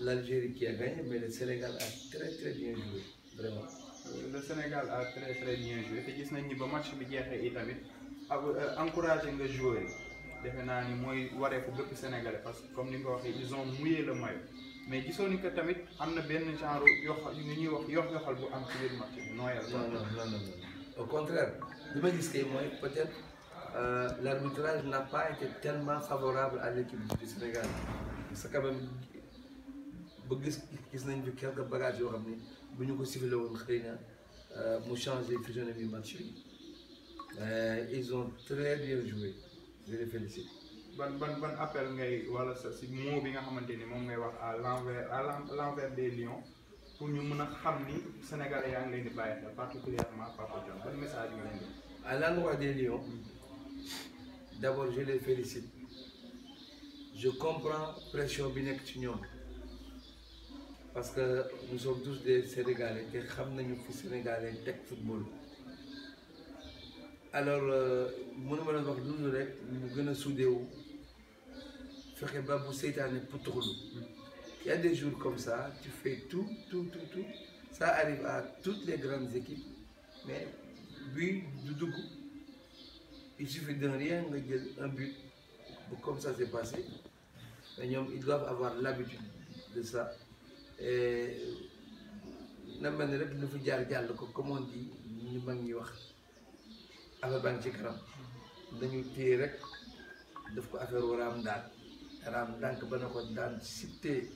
l'Algérie qui a gagné, mais le Sénégal a très très bien joué, vraiment. Le Sénégal a très très bien joué Et ce match euh, encouragé parce que comme ils ont mouillé le maillot mais que au contraire je dis que peut-être euh, l'arbitrage n'a pas été tellement favorable à l'équipe du Sénégal parce que quand même ba gis gis nañ fi quelques bagages yoo xam ne bu ñu ko ciblé woon xëy na euh, mu changé fusionné bi match bi euh, ils ont très bien joué je les félicite. ban ban ban appel ngay wala sa si mot bi nga xamante ni moom ngay wax à l'envers à l'envers des lions pour ñu mën a xam ni sénégalais yaa ngi leen di bàyyi particulièrement Papa John ban message nga leen di. à l'endroit des lions mm-hmm. d'abord je les félicite je comprends la pression bi tu ci parce que nous sommes tous des Sénégalais savons que nous fi Sénégalais tech football alors euh, mënuma leen wax loolu rek ñu gën a soudéwu fexe ba bu seytaane Il y a des jours comme ça tu fais tout tout tout tout ça arrive à toutes les grandes équipes mais bii du dugg il suffit de rien un but comme ça s'est passé Mais ils doivent avoir l'habitude de ça. Et comme on dit, nous avons avec Karam. Nous avons dit que nous avons fait un ramadan. Un ramadan que nous avons cité.